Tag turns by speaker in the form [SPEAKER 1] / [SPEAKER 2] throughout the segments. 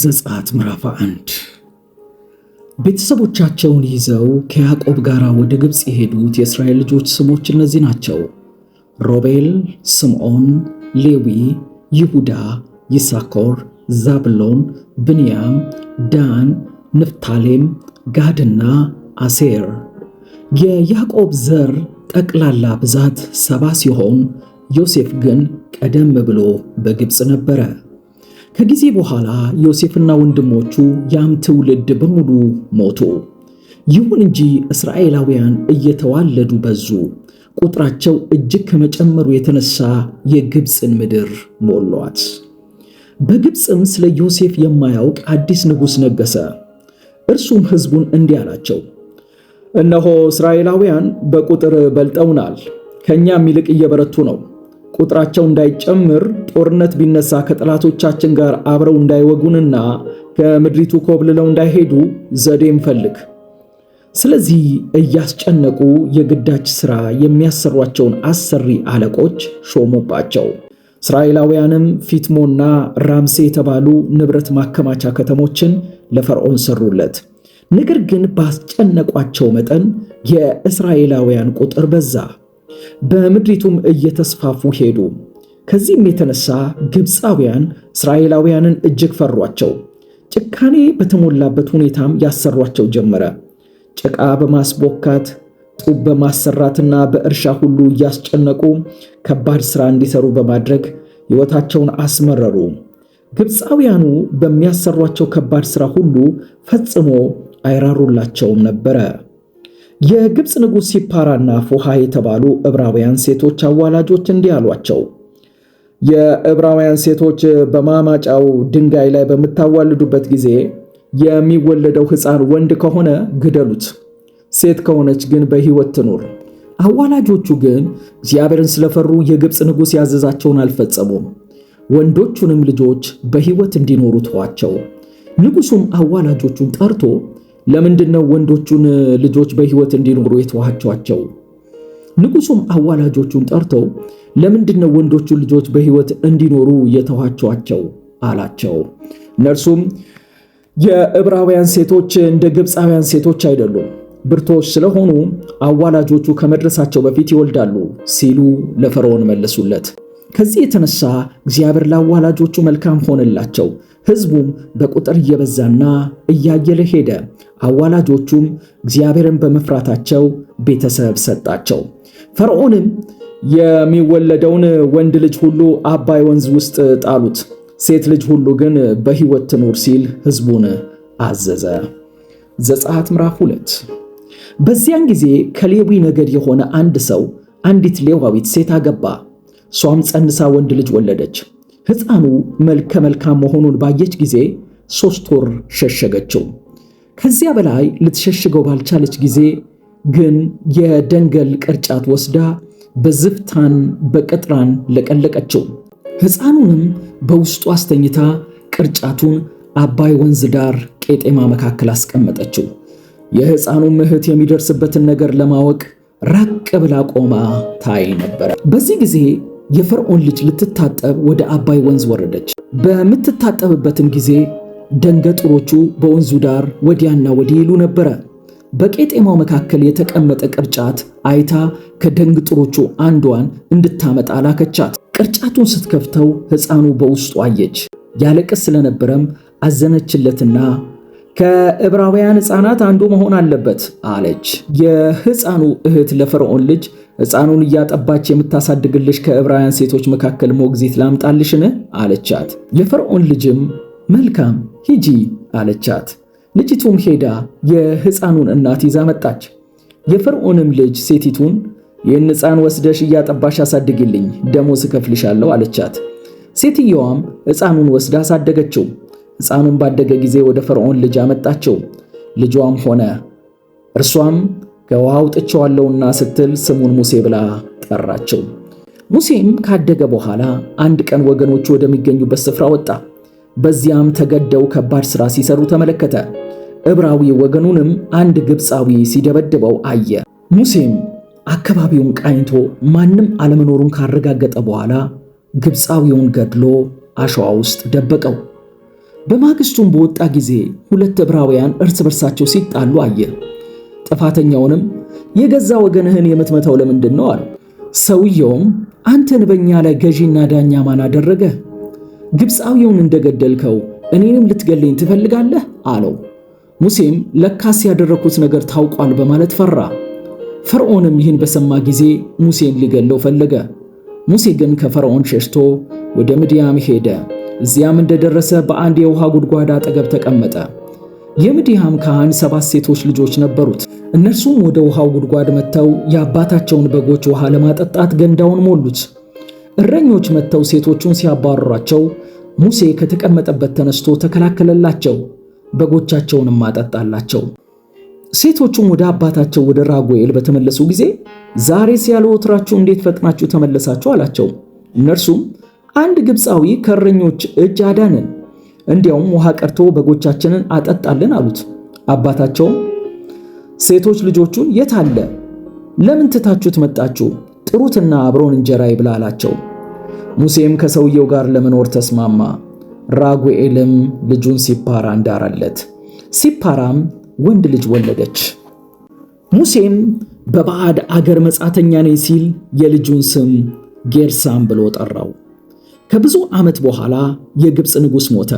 [SPEAKER 1] ዘጸአት ምዕራፍ አንድ ቤተሰቦቻቸውን ይዘው ከያዕቆብ ጋር ወደ ግብፅ የሄዱት የእስራኤል ልጆች ስሞች እነዚህ ናቸው። ሮቤል፣ ስምዖን፣ ሌዊ፣ ይሁዳ፣ ይሳኮር፣ ዛብሎን፣ ብንያም፣ ዳን፣ ንፍታሌም፣ ጋድና አሴር። የያዕቆብ ዘር ጠቅላላ ብዛት ሰባ ሲሆን ዮሴፍ ግን ቀደም ብሎ በግብፅ ነበረ። ከጊዜ በኋላ ዮሴፍና ወንድሞቹ ያም ትውልድ በሙሉ ሞቱ። ይሁን እንጂ እስራኤላውያን እየተዋለዱ በዙ። ቁጥራቸው እጅግ ከመጨመሩ የተነሳ የግብፅን ምድር ሞሏት። በግብፅም ስለ ዮሴፍ የማያውቅ አዲስ ንጉሥ ነገሰ እርሱም ሕዝቡን እንዲህ አላቸው፣ እነሆ እስራኤላውያን በቁጥር በልጠውናል፣ ከእኛም ይልቅ እየበረቱ ነው። ቁጥራቸው እንዳይጨምር ጦርነት ቢነሳ ከጠላቶቻችን ጋር አብረው እንዳይወጉንና ከምድሪቱ ኮብልለው እንዳይሄዱ ዘዴ እንፈልግ። ስለዚህ እያስጨነቁ የግዳጅ ሥራ የሚያሰሯቸውን አሰሪ አለቆች ሾሙባቸው። እስራኤላውያንም ፊትሞና ራምሴ የተባሉ ንብረት ማከማቻ ከተሞችን ለፈርዖን ሰሩለት። ነገር ግን ባስጨነቋቸው መጠን የእስራኤላውያን ቁጥር በዛ። በምድሪቱም እየተስፋፉ ሄዱ። ከዚህም የተነሳ ግብፃውያን እስራኤላውያንን እጅግ ፈሯቸው። ጭካኔ በተሞላበት ሁኔታም ያሰሯቸው ጀመረ። ጭቃ በማስቦካት ጡብ በማሰራትና በእርሻ ሁሉ እያስጨነቁ ከባድ ሥራ እንዲሰሩ በማድረግ ሕይወታቸውን አስመረሩ። ግብፃውያኑ በሚያሰሯቸው ከባድ ሥራ ሁሉ ፈጽሞ አይራሩላቸውም ነበረ። የግብፅ ንጉሥ ሲፓራና ፉሃ የተባሉ ዕብራውያን ሴቶች አዋላጆች እንዲህ አሏቸው። የዕብራውያን ሴቶች በማማጫው ድንጋይ ላይ በምታዋልዱበት ጊዜ የሚወለደው ሕፃን ወንድ ከሆነ ግደሉት፣ ሴት ከሆነች ግን በሕይወት ትኑር። አዋላጆቹ ግን እግዚአብሔርን ስለፈሩ የግብፅ ንጉሥ ያዘዛቸውን አልፈጸሙም። ወንዶቹንም ልጆች በሕይወት እንዲኖሩ ተዋቸው። ንጉሡም አዋላጆቹን ጠርቶ ለምንድን ነው ወንዶቹን ልጆች በህይወት እንዲኖሩ የተዋቸዋቸው? ንጉሱም አዋላጆቹን ጠርቶ ለምንድን ነው ወንዶቹን ልጆች በህይወት እንዲኖሩ የተዋቸዋቸው አላቸው። እነርሱም የዕብራውያን ሴቶች እንደ ግብፃውያን ሴቶች አይደሉም፣ ብርቶች ስለሆኑ አዋላጆቹ ከመድረሳቸው በፊት ይወልዳሉ ሲሉ ለፈርዖን መለሱለት። ከዚህ የተነሳ እግዚአብሔር ለአዋላጆቹ መልካም ሆነላቸው። ሕዝቡም በቁጥር እየበዛና እያየለ ሄደ። አዋላጆቹም እግዚአብሔርን በመፍራታቸው ቤተሰብ ሰጣቸው። ፈርዖንም የሚወለደውን ወንድ ልጅ ሁሉ አባይ ወንዝ ውስጥ ጣሉት፣ ሴት ልጅ ሁሉ ግን በሕይወት ትኖር ሲል ሕዝቡን አዘዘ። ዘጸአት ምዕራፍ ሁለት በዚያን ጊዜ ከሌዊ ነገድ የሆነ አንድ ሰው አንዲት ሌዋዊት ሴት አገባ። እሷም ጸንሳ ወንድ ልጅ ወለደች። ሕፃኑ መልከ መልካም መሆኑን ባየች ጊዜ ሦስት ወር ሸሸገችው። ከዚያ በላይ ልትሸሽገው ባልቻለች ጊዜ ግን የደንገል ቅርጫት ወስዳ በዝፍታን በቅጥራን ለቀለቀችው። ሕፃኑንም በውስጡ አስተኝታ ቅርጫቱን አባይ ወንዝ ዳር ቄጤማ መካከል አስቀመጠችው። የሕፃኑም እህት የሚደርስበትን ነገር ለማወቅ ራቅ ብላ ቆማ ታይ ነበረ። በዚህ ጊዜ የፈርዖን ልጅ ልትታጠብ ወደ አባይ ወንዝ ወረደች። በምትታጠብበትም ጊዜ ደንገጥሮቹ በወንዙ ዳር ወዲያና ወዲህ ይሉ ነበረ። በቄጤማው መካከል የተቀመጠ ቅርጫት አይታ ከደንግጥሮቹ አንዷን እንድታመጣ ላከቻት። ቅርጫቱን ስትከፍተው ሕፃኑ በውስጡ አየች። ያለቅስ ስለነበረም አዘነችለትና ከዕብራውያን ሕፃናት አንዱ መሆን አለበት አለች። የሕፃኑ እህት ለፈርዖን ልጅ ሕፃኑን እያጠባች የምታሳድግልሽ ከዕብራውያን ሴቶች መካከል ሞግዚት ላምጣልሽን? አለቻት። የፈርዖን ልጅም መልካም ሂጂ አለቻት። ልጅቱም ሄዳ የሕፃኑን እናት ይዛ መጣች። የፈርዖንም ልጅ ሴቲቱን ይህን ሕፃን ወስደሽ እያጠባሽ አሳድግልኝ፣ ደሞዝ እከፍልሻለሁ አለቻት። ሴትየዋም ሕፃኑን ወስዳ አሳደገችው። ሕፃኑም ባደገ ጊዜ ወደ ፈርዖን ልጅ አመጣቸው። ልጇም ሆነ። እርሷም ከውሃ አውጥቼዋለሁና ስትል ስሙን ሙሴ ብላ ጠራቸው። ሙሴም ካደገ በኋላ አንድ ቀን ወገኖቹ ወደሚገኙበት ስፍራ ወጣ። በዚያም ተገደው ከባድ ሥራ ሲሰሩ ተመለከተ። ዕብራዊ ወገኑንም አንድ ግብፃዊ ሲደበድበው አየ። ሙሴም አካባቢውን ቃኝቶ ማንም አለመኖሩን ካረጋገጠ በኋላ ግብፃዊውን ገድሎ አሸዋ ውስጥ ደበቀው። በማግስቱም በወጣ ጊዜ ሁለት ዕብራውያን እርስ በርሳቸው ሲጣሉ አየ። ጥፋተኛውንም የገዛ ወገንህን የምትመታው ለምንድን ነው አለው። ሰውየውም አንተን በእኛ ላይ ገዢና ዳኛ ማን አደረገ? ግብፃዊውን እንደገደልከው እኔንም ልትገለኝ ትፈልጋለህ አለው። ሙሴም ለካስ ያደረግኩት ነገር ታውቋል በማለት ፈራ። ፈርዖንም ይህን በሰማ ጊዜ ሙሴን ሊገለው ፈለገ። ሙሴ ግን ከፈርዖን ሸሽቶ ወደ ምድያም ሄደ። እዚያም እንደደረሰ በአንድ የውሃ ጉድጓድ አጠገብ ተቀመጠ። የምድያም ካህን ሰባት ሴቶች ልጆች ነበሩት። እነርሱም ወደ ውሃው ጉድጓድ መጥተው የአባታቸውን በጎች ውሃ ለማጠጣት ገንዳውን ሞሉት። እረኞች መጥተው ሴቶቹን ሲያባረሯቸው ሙሴ ከተቀመጠበት ተነስቶ ተከላከለላቸው፣ በጎቻቸውንም አጠጣላቸው። ሴቶቹም ወደ አባታቸው ወደ ራጉኤል በተመለሱ ጊዜ ዛሬ ሲያለወትራችሁ ወትራችሁ እንዴት ፈጥናችሁ ተመለሳችሁ? አላቸው። እነርሱም አንድ ግብፃዊ ከእረኞች እጅ አዳነን፣ እንዲያውም ውሃ ቀርቶ በጎቻችንን አጠጣልን አሉት። አባታቸውም ሴቶች ልጆቹን የት አለ? ለምን ትታችሁት መጣችሁ? ጥሩትና አብሮን እንጀራ ይብላ አላቸው። ሙሴም ከሰውየው ጋር ለመኖር ተስማማ። ራጉኤልም ልጁን ሲፓራ እንዳራለት፣ ሲፓራም ወንድ ልጅ ወለደች። ሙሴም በባዕድ አገር መጻተኛ ነኝ ሲል የልጁን ስም ጌርሳም ብሎ ጠራው። ከብዙ ዓመት በኋላ የግብፅ ንጉሥ ሞተ።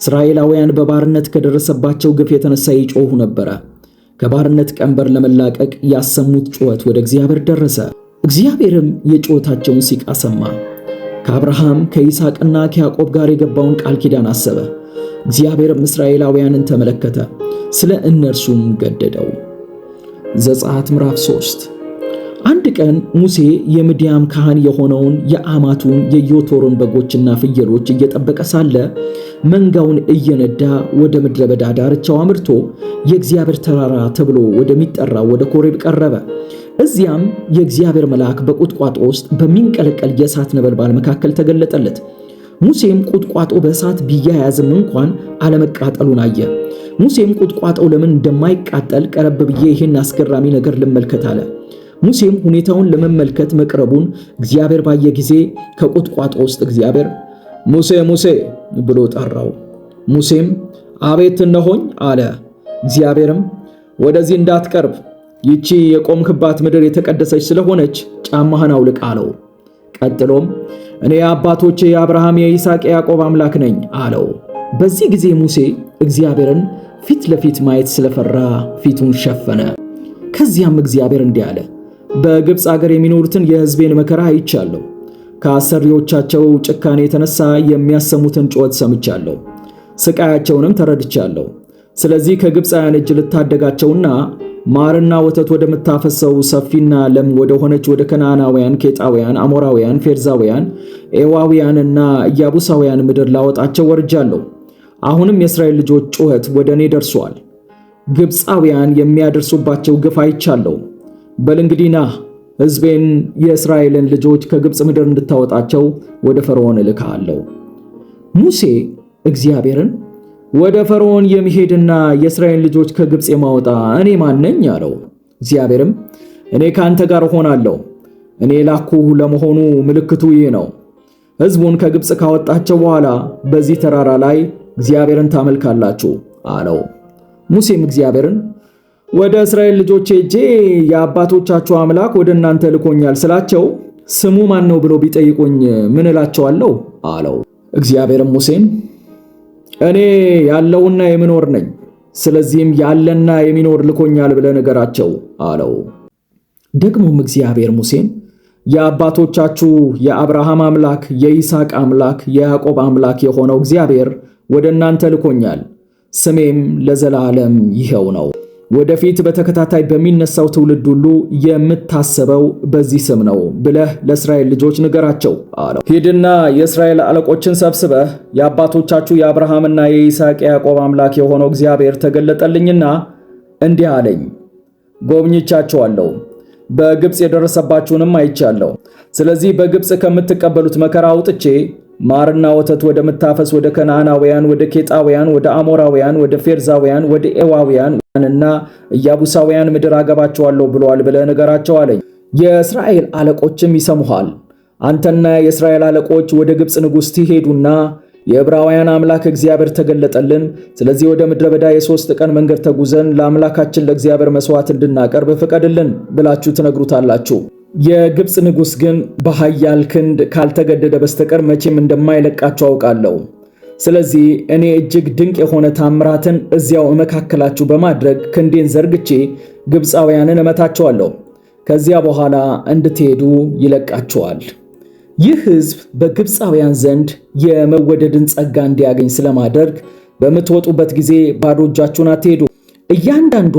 [SPEAKER 1] እስራኤላውያን በባርነት ከደረሰባቸው ግፍ የተነሳ ይጮሁ ነበረ። ከባርነት ቀንበር ለመላቀቅ ያሰሙት ጩኸት ወደ እግዚአብሔር ደረሰ። እግዚአብሔርም የጩኸታቸውን ሲቃ ሰማ። ከአብርሃም ከይስሐቅና ከያዕቆብ ጋር የገባውን ቃል ኪዳን አሰበ። እግዚአብሔርም እስራኤላውያንን ተመለከተ፣ ስለ እነርሱም ገደደው። ዘጸአት ምዕራፍ 3 ቀን ሙሴ የምድያም ካህን የሆነውን የአማቱን የዮቶርን በጎችና ፍየሎች እየጠበቀ ሳለ መንጋውን እየነዳ ወደ ምድረ በዳ ዳርቻው አምርቶ የእግዚአብሔር ተራራ ተብሎ ወደሚጠራው ወደ ኮሬብ ቀረበ። እዚያም የእግዚአብሔር መልአክ በቁጥቋጦ ውስጥ በሚንቀለቀል የእሳት ነበልባል መካከል ተገለጠለት። ሙሴም ቁጥቋጦ በእሳት ቢያያዝም እንኳን አለመቃጠሉን አየ። ሙሴም ቁጥቋጦው ለምን እንደማይቃጠል ቀረብ ብዬ ይህን አስገራሚ ነገር ልመልከት አለ። ሙሴም ሁኔታውን ለመመልከት መቅረቡን እግዚአብሔር ባየ ጊዜ ከቁጥቋጦ ውስጥ እግዚአብሔር ሙሴ ሙሴ ብሎ ጠራው። ሙሴም አቤት እነሆኝ አለ። እግዚአብሔርም ወደዚህ እንዳትቀርብ ይቺ የቆምክባት ምድር የተቀደሰች ስለሆነች ጫማህን አውልቅ አለው። ቀጥሎም እኔ የአባቶቼ የአብርሃም የይስሐቅ የያዕቆብ አምላክ ነኝ አለው። በዚህ ጊዜ ሙሴ እግዚአብሔርን ፊት ለፊት ማየት ስለፈራ ፊቱን ሸፈነ። ከዚያም እግዚአብሔር እንዲህ አለ በግብፅ አገር የሚኖሩትን የህዝቤን መከራ አይቻለሁ። ከአሰሪዎቻቸው ጭካኔ የተነሳ የሚያሰሙትን ጩኸት ሰምቻለሁ፣ ስቃያቸውንም ተረድቻለሁ። ስለዚህ ከግብፃውያን እጅ ልታደጋቸውና ማርና ወተት ወደምታፈሰው ሰፊና ለም ወደ ሆነች ወደ ከነዓናውያን፣ ኬጣውያን፣ አሞራውያን፣ ፌርዛውያን፣ ኤዋውያንና ኢያቡሳውያን ምድር ላወጣቸው ወርጃለሁ። አሁንም የእስራኤል ልጆች ጩኸት ወደ እኔ ደርሷል። ግብፃውያን የሚያደርሱባቸው ግፍ አይቻለሁ። በል እንግዲህ ና ሕዝቤን የእስራኤልን ልጆች ከግብፅ ምድር እንድታወጣቸው ወደ ፈርዖን እልካለሁ። ሙሴ እግዚአብሔርን ወደ ፈርዖን የሚሄድና የእስራኤልን ልጆች ከግብፅ የማወጣ እኔ ማነኝ አለው። እግዚአብሔርም እኔ ከአንተ ጋር እሆናለሁ፣ እኔ ላኩህ ለመሆኑ ምልክቱ ይህ ነው። ሕዝቡን ከግብፅ ካወጣቸው በኋላ በዚህ ተራራ ላይ እግዚአብሔርን ታመልካላችሁ አለው። ሙሴም እግዚአብሔርን ወደ እስራኤል ልጆች ሄጄ የአባቶቻችሁ አምላክ ወደ እናንተ ልኮኛል ስላቸው ስሙ ማን ነው ብሎ ቢጠይቁኝ ምን እላቸዋለሁ? አለው። እግዚአብሔርም ሙሴን እኔ ያለውና የምኖር ነኝ፣ ስለዚህም ያለና የሚኖር ልኮኛል ብለህ ንገራቸው አለው። ደግሞም እግዚአብሔር ሙሴን የአባቶቻችሁ የአብርሃም አምላክ የይስሐቅ አምላክ የያዕቆብ አምላክ የሆነው እግዚአብሔር ወደ እናንተ ልኮኛል፣ ስሜም ለዘላለም ይኸው ነው ወደፊት በተከታታይ በሚነሳው ትውልድ ሁሉ የምታሰበው በዚህ ስም ነው ብለህ ለእስራኤል ልጆች ንገራቸው አለው። ሂድና የእስራኤል አለቆችን ሰብስበህ የአባቶቻችሁ የአብርሃምና የይስሐቅ ያዕቆብ አምላክ የሆነው እግዚአብሔር ተገለጠልኝና እንዲህ አለኝ፣ ጎብኝቻችኋለሁ፣ በግብፅ የደረሰባችሁንም አይቻለሁ። ስለዚህ በግብፅ ከምትቀበሉት መከራ አውጥቼ ማርና ወተት ወደምታፈስ ወደ ከናናውያን ወደ ኬጣውያን፣ ወደ አሞራውያን፣ ወደ ፌርዛውያን፣ ወደ ኤዋውያን እና ኢያቡሳውያን ምድር አገባቸዋለሁ ብለዋል ብለህ ንገራቸው አለኝ። የእስራኤል አለቆችም ይሰሙሃል። አንተና የእስራኤል አለቆች ወደ ግብፅ ንጉሥ ትሄዱና የዕብራውያን አምላክ እግዚአብሔር ተገለጠልን። ስለዚህ ወደ ምድረ በዳ የሦስት ቀን መንገድ ተጉዘን ለአምላካችን ለእግዚአብሔር መሥዋዕት እንድናቀርብ ፍቀድልን ብላችሁ ትነግሩታላችሁ። የግብፅ ንጉሥ ግን በኃያል ክንድ ካልተገደደ በስተቀር መቼም እንደማይለቃቸው አውቃለሁ። ስለዚህ እኔ እጅግ ድንቅ የሆነ ታምራትን እዚያው እመካከላችሁ በማድረግ ክንዴን ዘርግቼ ግብፃውያንን እመታቸዋለሁ። ከዚያ በኋላ እንድትሄዱ ይለቃቸዋል። ይህ ሕዝብ በግብፃውያን ዘንድ የመወደድን ጸጋ እንዲያገኝ ስለማደርግ በምትወጡበት ጊዜ ባዶ እጃችሁን አትሄዱ። እያንዳንዷ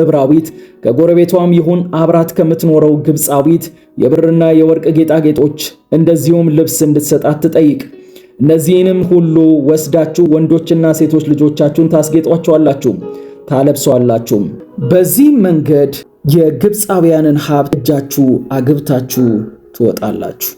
[SPEAKER 1] ዕብራዊት ከጎረቤቷም ይሁን አብራት ከምትኖረው ግብፃዊት የብርና የወርቅ ጌጣጌጦች እንደዚሁም ልብስ እንድትሰጣት ትጠይቅ። እነዚህንም ሁሉ ወስዳችሁ ወንዶችና ሴቶች ልጆቻችሁን ታስጌጧቸዋላችሁ፣ ታለብሷላችሁ። በዚህም መንገድ የግብፃውያንን ሀብት እጃችሁ አግብታችሁ ትወጣላችሁ።